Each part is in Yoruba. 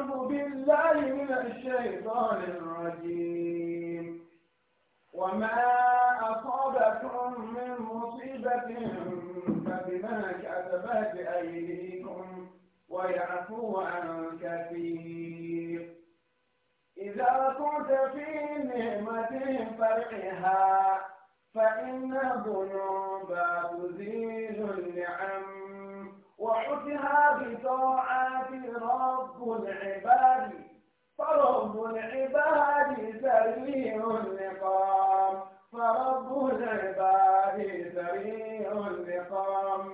أعوذ بالله من الشيطان الرجيم وما أصابكم من مصيبة فبما كسبت أيديكم ويعفو عن كثير إذا كنت في نعمة فرحها فإن الذنوب تزيد النعم العباد فرب العباد سريع اللقام فرب العباد سريع اللقام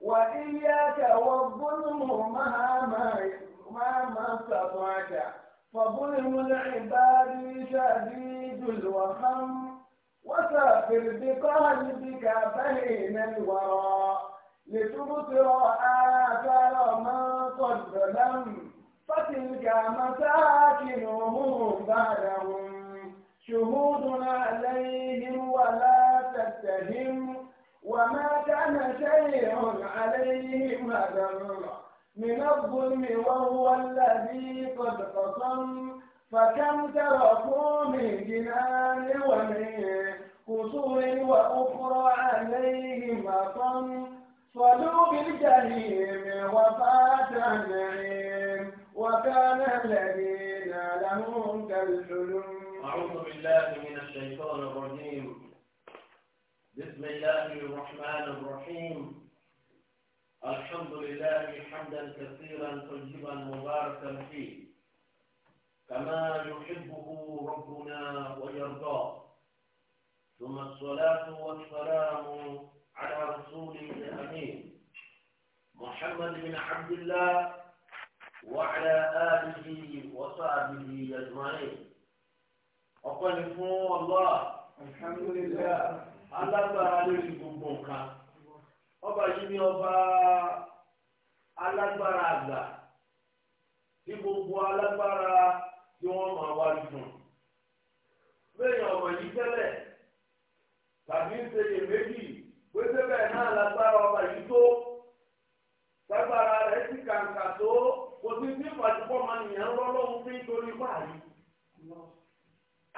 وإياك والظلم مهما مهما استطعت فظلم العباد شديد الوخم وسافر بقلبك بين الورى لتبصر آثار ما قد ظلم فتلك مساكنهم بعدهم شهود عليهم ولا تتهم وما كان شيء عليهم هدم من الظلم وهو الذي قد قصم فكم تركوا من جنان ومن قصور وأخرى عليهم أقم صلوا بالجحيم وفاة النعيم وكان الذين لهم كالحلم أعوذ بالله من الشيطان الرجيم بسم الله الرحمن الرحيم الحمد لله حمدا كثيرا طيبا مباركا فيه كما يحبه ربنا ويرضاه ثم الصلاة والسلام على رسوله الأمين محمد بن عبد الله وعلى آله وصحبه أجمعين ọpẹ́ ni fún Allah alhamdulillah alágbára lórí gbogbo أبا ọba yìí ni ọba alágbára àgbà tí gbogbo alágbára tí wọ́n máa wá dùn lẹ́yìn ọmọ yìí tẹ́lẹ̀ tàbí ń ṣe iyèméjì pé sẹbẹ náà lágbára ọba yìí tó lágbára rẹ̀ sì kàǹkà tó. kò sí sí ìpàdùpọ̀ máa nìyẹn rọ́lọ́hún fi torí wáyé.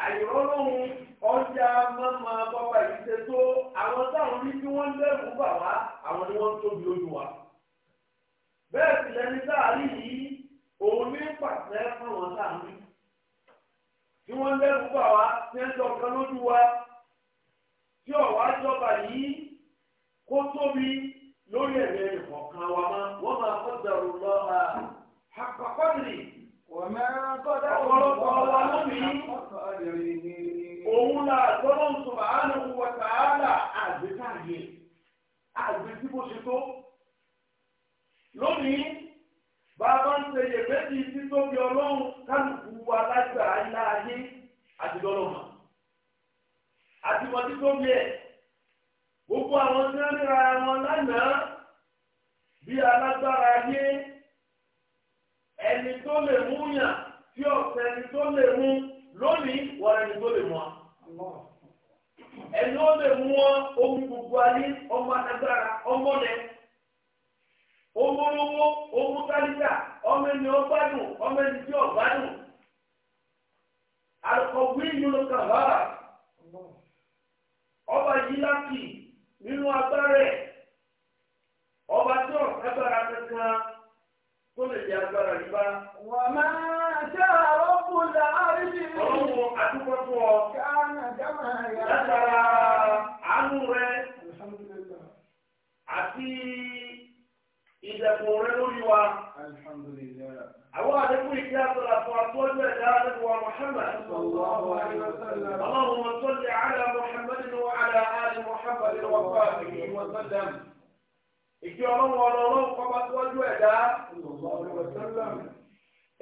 àìrọ́lọ́hún ọjà mọ́mọ́ bọ́bá yìí ṣe tó àwọn táwọn rí tí wọ́n ń dẹ́rù bà wá àwọn ni wọ́n ń tóbi ojú wa. bẹ́ẹ̀ sì lẹni sáàrí yìí òun ní pàṣẹ fún àwọn wa tí ọ̀wá jọba yìí kó tóbi lórí àpapọ̀lì ọ̀pọ̀lọpọ̀ wa lónìí òun là tọ́lọ́ subhanahu wa ta'ala àgbékáyé àgbẹ̀ tí mo ṣe tó lónìí bàbá ń ṣe iyèméjì títóbi ọlọ́run kálukú wa lágbàá ilá ayé àti lọ́lọ́mà àtìmọ̀ títóbi ẹ̀ gbogbo àwọn tí wọ́n nira wọn lánàá bí alá tó lè mú yàn tí ọ̀sẹ̀ ni tó lè mú lónìí wọ́n ẹni tó lè mú wa. ẹni ó lè mú wọn ohun gbogbo ayé ọmọ agbára ọmọ lẹ owó lówó owó kálíkà ọmọ ẹni ọgbádùn ọmọ ẹni tí ọgbádùn àkọ̀wé ìlú kàbára ọba yìí láti nínú agbára ẹ̀ ọba tí ọ̀sẹ̀ agbára kankan kó lè jẹ agbára yìí bá. wà á máa ṣe àrọ́pò láàrin mi. ọlọ́run àdúgbò fún ọ. káàná dámà yá. látara àánú rẹ àti ìdẹ̀kùn rẹ lórí wa. àwọn àdékù ìdí wa Muhammad ìfi ọlọ́run ọlọ́run kọ́ba tọ́jú ẹ̀dá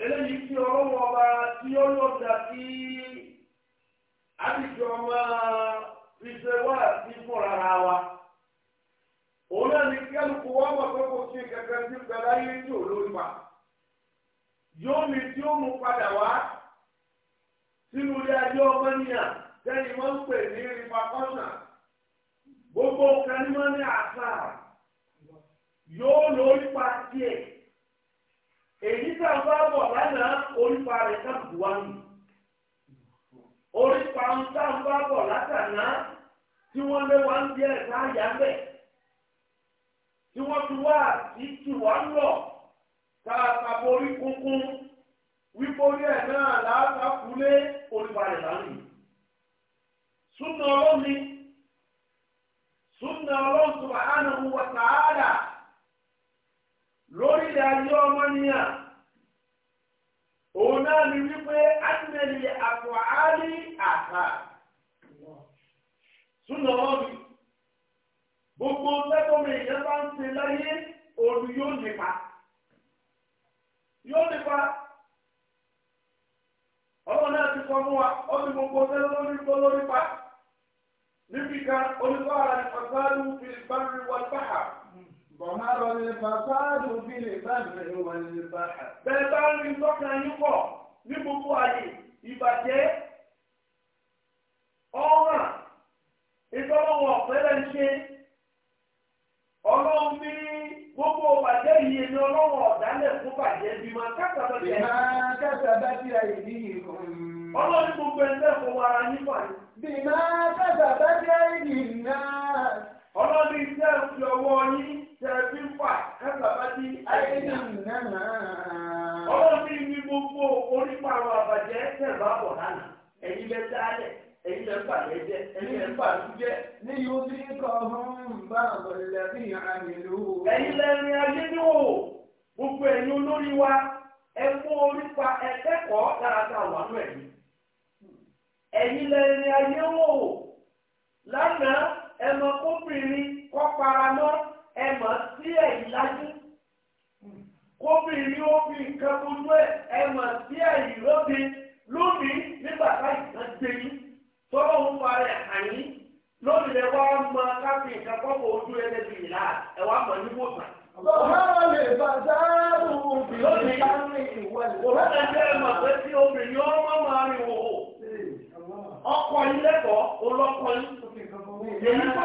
eléyìí fi ọlọ́run ọba tí ó lọ́dà sí àbíjọ máa fi ṣe wá sí fúnra wa òun náà ní kí ẹnu kó wá wà pé kò sí kẹkẹ tí pẹ̀lú ayé tí ò lórí wa yóò ní tí ó mú padà wá sínú ilé ayé ọmọ nìyà sẹ́yìn wọ́n ń pè ní rìpàkọ́sà gbogbo kan ní wọ́n ní àṣà yóò lo orípa tiẹ̀ èyí tá a bá bọ̀ lánàá orípa rẹ̀ sábùkù wá nù orípa ń tá a bá bọ̀ látàná tí wọ́n lé wá ń bí ẹ̀ sáyà ń bẹ̀ tí wọ́n fi wá àti tù wá ń lọ tá a ta borí kúnkún wípé orí ẹ̀ náà làákà kúlé orípa rẹ̀ lánàá súnà ọlọ́ni súnà ọlọ́run subhanahu wa ta'ala. lórílẹ̀ ayé ọmọnìyàn òun náà ni wípé átìmẹ́lì àpò àárí àká súnà wọn ọ gbogbo lẹ́kọ̀ọ́mì ìyẹn bá ń ṣe láyé òun yóò nípa yóò nípa ọmọ náà ti sọ fún wa ó ní gbogbo lórí tó lórí pa níbi Bọ̀márọ̀ ni fàfáàdù bí lè bá mi wà ní bàtà. Bẹ́ẹ̀ bá rí tọ́ka yín pọ̀ ní gbogbo àyè ìbàdí. sí àìsàn. ọlọ́run ní ní gbogbo onípa àbàjẹ́ tẹ̀lé àbọ̀ lánàá ẹ̀yin lẹ dálẹ̀ ẹ̀yin lẹ gbà lẹ́jẹ̀ ẹ̀yin lẹ gbà lójẹ́. ní yóò ti kọ́ fún bàbá lẹ́bí àmìlú. ẹ̀yin lẹ ayé ní o mọ̀ sí ẹ̀yìn lóbi lóbi nígbà táyì náà gbé yín tọ́lọ́ ń fa rẹ̀ àní lóbi lẹ wá mọ káfí nǹkan kọ́kọ́ ojú ẹgbẹ́ bìí là ẹ wá mọ̀ níwò tán. Ọ̀hánà lè bàtà òbí lóbi ká ní ìwẹ̀. Òbẹ́ta jẹ́ ẹ̀mọ̀ pé obìnrin ọmọ máa rìn wò ó. Ọkọ̀ ilé kọ́ olókọ́ yìí. Èyí tó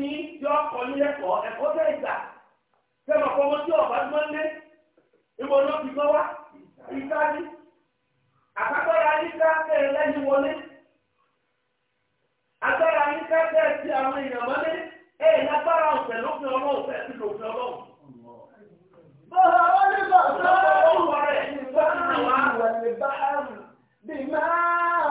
ní yọ ọkọ ní ẹkọ ẹ̀kọ́ tẹ ìgbà sẹmọ kọmọ tí ọba tó ń lé ìwọ ló fi gbọ wá ìta ní àkàtọ́ra níta lẹ́yìn wọlé agbára níta tẹ ti àwọn èèyàn mọ́lé ẹ̀ lágbára ọ̀sẹ̀ bọ́lá ní bàbá ọlọ́run rẹ̀ wá bí máa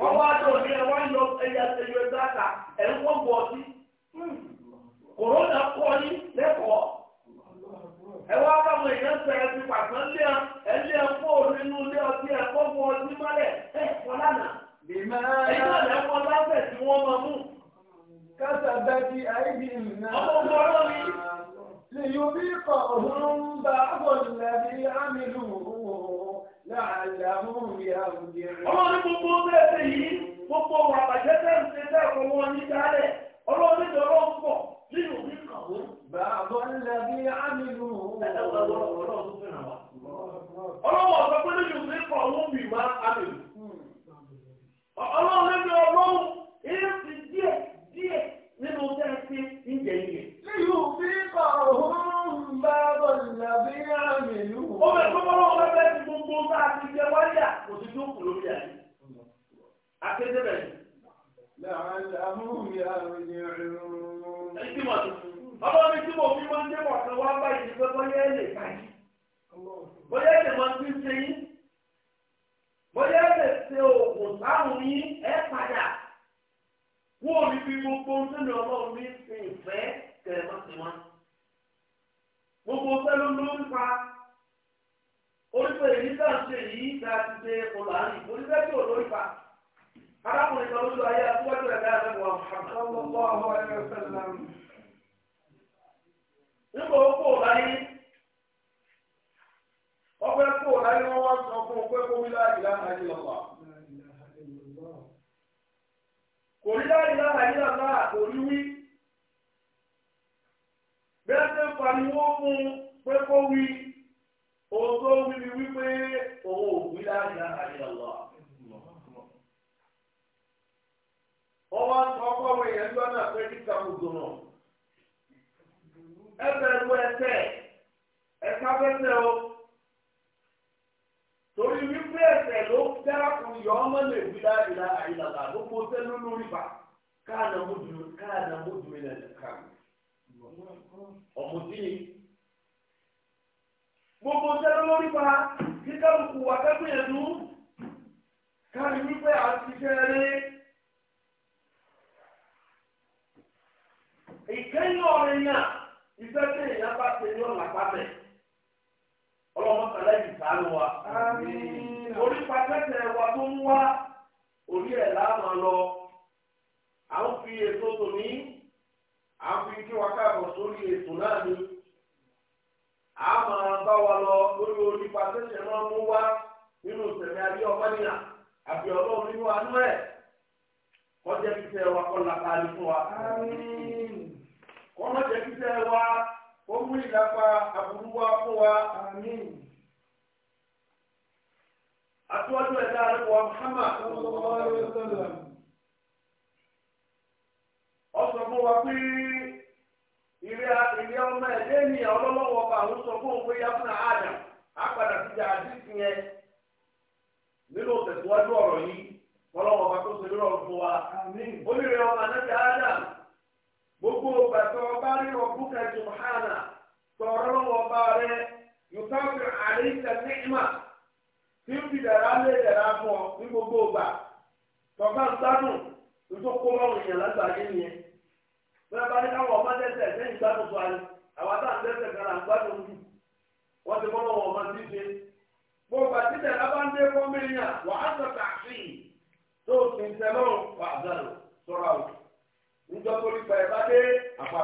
wọ́n wá tó ní ẹ wọ́n yọ ẹyà ẹyọ ẹgbẹ́ àtà ẹ̀ ń wọ́n bọ̀ ọtí kòrónà kọ́ yín lẹ́kọ̀ọ́ ẹ wá báwọn èèyàn sẹ̀rẹ̀ ti pàtàn lé ẹ ẹ lé nínú ilé ọtí ẹ fọ́ bọ̀ ọtí mọ́lẹ̀ ẹ fọ́ lánàá ẹ̀yìn ọ̀lẹ́ wọn lábẹ̀ tí wọ́n máa mú. kásá bá di àìbí nìyẹn. ọmọ ọmọ ọlọ́run yìí. lè yọ bí ń ba àbọ̀ ìlànà àmì lù ú ọlọ́run ní gbogbo bẹ́ẹ̀ yìí gbogbo wà bàjẹ́ tẹ́lẹ̀ ṣe tẹ́lẹ̀ fún wọn ní dálẹ̀ ọlọ́run ní ìjọ ọlọ́run pọ̀ nínú mi kàn wọ́n. bàbá ńlá bí àmì lù ú. ẹ ẹni tí mo ti ọba mi tí mo fi máa ń dé mọ̀ kan wá báyìí ni pé bóyá ẹ lè báyìí bóyá ẹ lè máa ti ṣe yín bóyá ẹ lè ṣe oògùn táwọn yín ẹ padà wọ́n ò ní fi gbogbo nínú ọlọ́run ní sin ìfẹ́ kẹrẹmọ́tìmọ́ gbogbo pẹ̀lú lórí pa orí pé èyí tá à ń ṣe yìí tá a ti ṣe kò orí pẹ́ tí ò lórí pa. arákùnrin kan lójú ayé àtúwájú ẹ̀dá ẹ̀dẹ́gbọ̀n àkàlọ́gbọ́ àwọn ẹ̀rọ sẹ́lẹ̀ nígbà ó kó láyé ọgbẹ́ kó láyé wọ́n wá sọ fún kò rí láyé kò rí wí bí ṣe ń fún pé kó wí ọwọ́ ọkọ ọmọ èèyàn ló náà fẹ́ ụzọ òdòdó ẹbẹ̀ ẹ̀rú ẹsẹ̀ ẹ̀ka bẹ́sẹ̀ o torí wípé ẹsẹ̀ ló dákun yọ ọmọ lè ụlọ láàbìlà àyìnlàlà ló gbogbo òkú wà kẹ́kọ̀ọ́ yẹn dùn wípé àti ìkẹyìn ọ̀rẹ́ náà ìfẹ́ tí èèyàn bá ṣe ní ọ̀là pàmẹ́ ọlọ́mọ kàlẹ́ yìí sàánú wa orí pàtẹ́tẹ̀ wa tó ń wá orí ẹ̀ láàmà lọ à ń fi ètò tòní à ń fi kí wa káàbọ̀ sórí ètò náà ni a máa bá wa lọ lórí orí pàtẹ́tẹ̀ náà mú wá nínú sẹ̀mí ayé ọmọnìyàn àbí ọlọ́run nínú àánú ẹ̀ kọjá fífẹ́ wa kọ́ làkàlì fún wa. ìkápá aburú wa fún wa àmín. Àtúwájú ẹ̀dá Muhammad ọ̀sán fún wa pé ìrẹ́ ọmọ ẹ̀dẹ́ ènìyàn ọlọ́lọ́wọ́ ọma àwọn sọ fún òun pé yá fún àádà á padà sí ìjà nínú yìí tó ṣe fún wa. ọmọ gbogbo tó ọba sọ̀rọ̀ lọ́wọ́ bá rẹ yòókàfẹ́ àríkà ka tí ń fi lé dàrá fún ní gbogbo ìgbà tọ́gbà ń gbádùn nítorí kó máa wòyàn nìyẹn bẹ́ẹ̀ bá ní káwọn ọmọ dẹ́sẹ̀ sẹ́yìn gbádùn tó ayé àwọn àtàwọn dẹ́sẹ̀ kan là ń gbádùn ti mọ́ lọ́wọ́ ọmọ tí gbogbo àti dàrá bá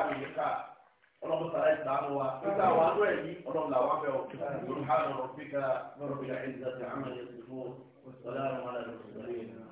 wà á sọ ọlọ́run sàrẹ́ ìsàánú wa nígbà wà ló ẹ̀yí ọlọ́run làwọn abẹ́ ọ̀ lórí hàn ọ̀rọ̀ fíkà lọ́rọ̀ bí i àìsàn àmàlẹ́ ìfún ọ̀sán láàrin wọn lẹ́nu ìgbàlẹ́ yẹn.